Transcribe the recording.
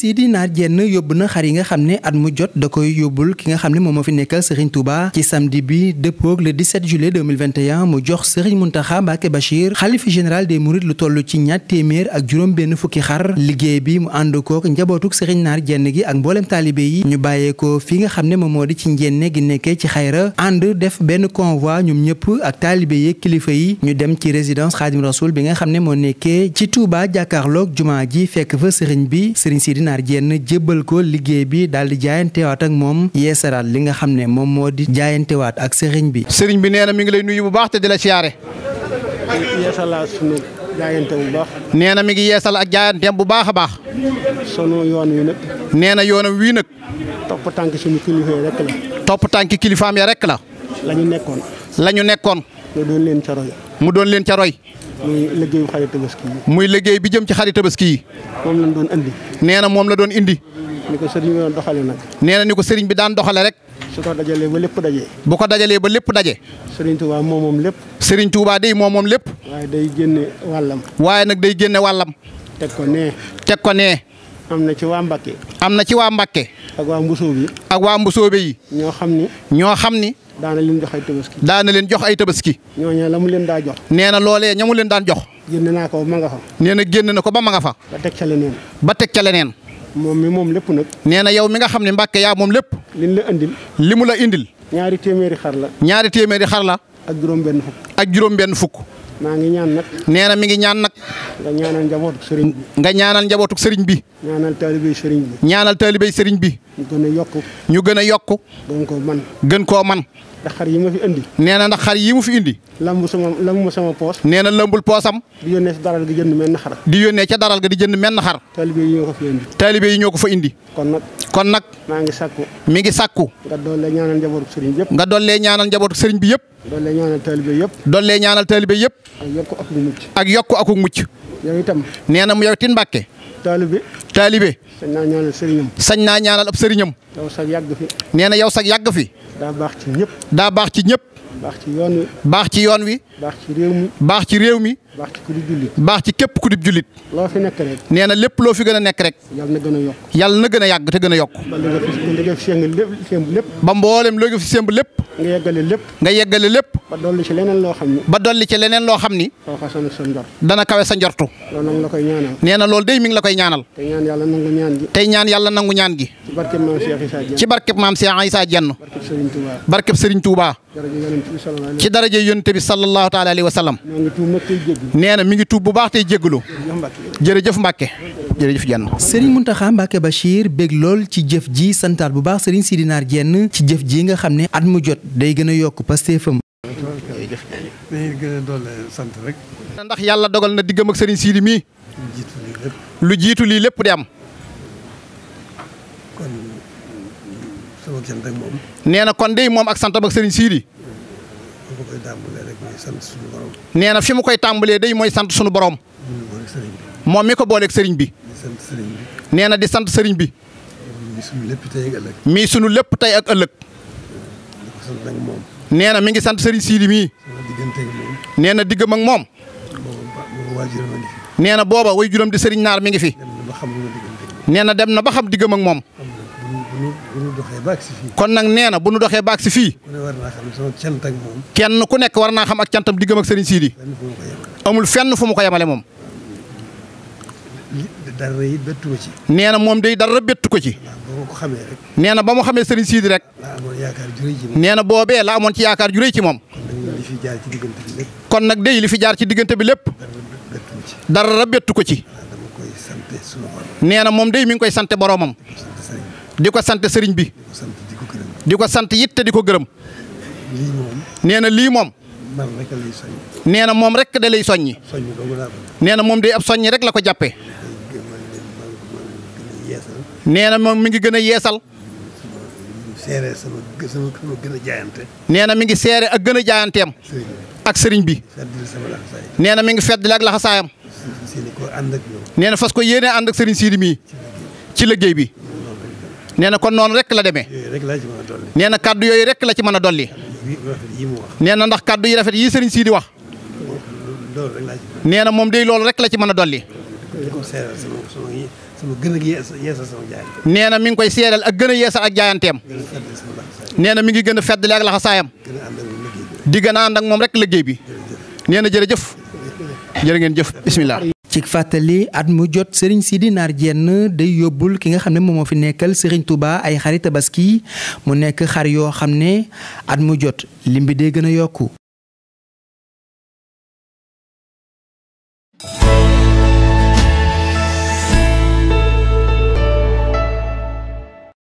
Sidi Naar Diène yóbbu na xar yi nga xam ne at mu jot da koy yóbbul ki nga xam ne moom moo fi nekkal Serigne Touba ci samedi bi dëppoog le 17 juillet 2021 mu jox Serigne Mountakha Mbacké Bachir xalifa général des Mourides lu toll ci ñaar ak juróom benn fukki xar liggéey bi mu ànd kook njabootuk Serigne Naar jenn gi ak mboolem taalibe yi ñu bàyyee ko fi nga xam ne moom moo di ci njenne gi nekkee ci xayra ànd def benn convoi ñoom ñëpp ak taalibe yi kilifa yi ñu dem ci résidence Khadim Rasoul bi nga xam ne moo nekkee ci Touba jàkkaarloog jumaa ji fekk fa sëriñ bi sëriñ Sidi Manar Diène jébbal ko liggéey bi daal di jaayantewaat ak moom yeesaraat li nga xam ne moom moo di jaayantewaat ak sëriñ bi. sëriñ bi nee na mi ngi lay nuyu bu baax te di la siyaare. yeesalaat sunu jaayante bu baax. nee na mi ngi yeesal ak jaayanteem bu baax a baax. sunu yoon wi nag. nee na yoonam wii nag. topp tànk suñu kilifa yi la. topp tànk kilifaam ya rek la. lañu nekkoon. la ñu nekkoon. mu doon leen ca muy liggéeyu xari muy liggéey bi jëm ci xari tabaski yi. moom lañ doon indi. nee na moom la doon indi. ni ko sëriñ bi doon doxalee nag. nee na ni ko sëriñ bi daan doxalee rek. su ko dajalee ba lépp daje. bu ko dajalee ba lépp daje. sëriñ Touba moom moom lépp. sëriñ Touba day moom moom lépp. waaye day génne wàllam. waaye nag day génne wàllam. teg ko nee. teg ko nee. am na ci waa Mbakke. am na ci waa Mbakke. ak waa Mbusoobe yi. ak waa Mbusoobe yi. ñoo xam ni. ñoo xam ni. daana leen jox ay tabaski. daana leen jox ay tabaski. ñooñu la mu leen daa jox. nee na loolee ñamu leen daan jox. génne naa ko manga fa. nee na génn na ko ba manga nga fa. ba teg ca leneen. ba teg ca leneen. moom mi moom lépp nag. nee na yow mi nga xam ne Mbàkke yaa moom lépp. li mu la indil. li mu la indil. ñaari téeméeri xar la. ñaari téeméeri xar la. ak juróom-benn fukk. ak juróom-benn fukk. maa ngi ñaan nag. nee na mi ngi ñaan nag. nga ñaanal njabootuk sëriñ bi. nga ñaanal njabootuk sëriñ bi. ñaanal taalibey sëriñ bi. ñaanal sëriñ bi. ñu a yokk. ñu gën a yokk. gën koo man. gën koo man. ndax xar yi ma fi indi. nee na ndax xar yi mu fi indi. lamb sama lamb poos. nee na lambul poosam. di yónnee ci daral ga di jënd menn xar. di yónnee ca daral ga di jënd menn xar. taalibe yi ñoo ko fa indi. kon nag. kon nag. maa ngi sakku. mi ngi sakku. nga dollee ñaanal njabootu sëriñ bi yëpp. nga dollee ñaanal njabootu sëriñ bi yëpp. dollee ñaanal taalibe yëpp. dollee ñaanal taalibe yëpp. ak yokku akuk mucc. ak yokku akuk itam. nee na mu yow tin Mbàkke taalibe taalibe sañ naa ñaanal sëriñam sañ naa ñaanal ab sëriñam yow sag yàgg fi nee yow sag yàgg fi daa baax ci ñëpp daa baax ci ñëpp baax ci yoon baax ci yoon wi baax ci réew mi baax ci réew mi baax ci ku di jullit. baax ci képp ku di jullit. loo fi nekk rek. nee na lépp loo fi gën a nekk rek. yàlla na gën a yokk. yàlla na gën a yàgg te gën a yokk. ba mboolem loo fi sémb lépp. nga lépp. nga yeggale lépp. ba dolli ci leneen loo xam ni. dana kawe sa njortu. loolu nag la koy la koy ñaanal. tey ñaan yàlla nangu ñaan gi. ci barkeb maam Cheikh Issa Dieng. ci barkeb maam Cheikh ci daraja yonent bi sallallahu taala alayhi wa nee na mi ngi tuub bu baax tey jéggalu jërëjëf Mbacke jërëjëf Diène. Serigne Mountakha Mbacke Bachir bég lool ci jëf ji santaat bu baax Serigne Sidi Naar Diène ci jëf ji nga xam ne at mu jot day gën a yokk pasteefam. ndax yàlla dogal na diggam ak Serigne Sidi mii. jiitu lii lépp am. nee na kon dey moom ak santam ak sëriñ Sidi. ko nee na fi mu koy tàmbalee day mooy sant suñu boroom moom mi ko booleeg sëriñ bi. nee na di sant sëriñ bi. mii suñu lépp tey ak ëllëg. nee na mi ngi sant sëriñ Siidi mii. nee na diggam moom. nee na booba way juróom di sëriñ naar mi ngi fi. nee na dem na ba xam diggam ak moom. kon nag nee na bu nu doxee ba si fii. kenn ku nekk war naa xam ak cantam diggam ak sëriñ Sidi. amul fenn fu mu ko yamale moom. dara ci. nee na moom day dara bettu ko ci. nee na ba mu xamee sëriñ Sidi rek. nee na boobee la amoon ci yaakaar ju ci moom. kon nag day li fi jaar ci diggante bi lépp. dara bettu ko ci. nee na moom dey mi ngi koy sante boromam. di ko sant sëriñ bi. di ko sant yit te di ko gërëm. nee na lii moom. nee na moom rek da lay soññi. nee na moom day ab soññi rek la ko jàppe nee na moom mi ngi gën a yeesal. nee na mi ngi seere ak gën a jaayanteem. ak sëriñ bi. nee na mi ngi fedd ak laxasaayam. nee na fas ko yéene ànd ak sëriñ siidi ci liggéey bi. nee na kon noonu rek la demee. nee na kàddu yooyu rek la ci mën a dolli. nee na ndax kàddu yi rafet yi sëriñ sii di wax. na moom dey loolu rek la ci mën a dolli. nee na mi ngi koy seeral ak gën a yeesal ak jaayanteem. nee na mi ngi gën a feddali ak laxasaayam. di gën a ànd ak moom rek liggéey bi. nee na jërëjëf. jërë ngeen jëf bismillah. ci fàttali at mu jot sii di Naar Diène day yóbbul ki nga xam ne moom moo fi nekkal Serigne Touba ay xari tabaski mu nekk xar yoo xam ne at mu jot lim bi day gën a yokku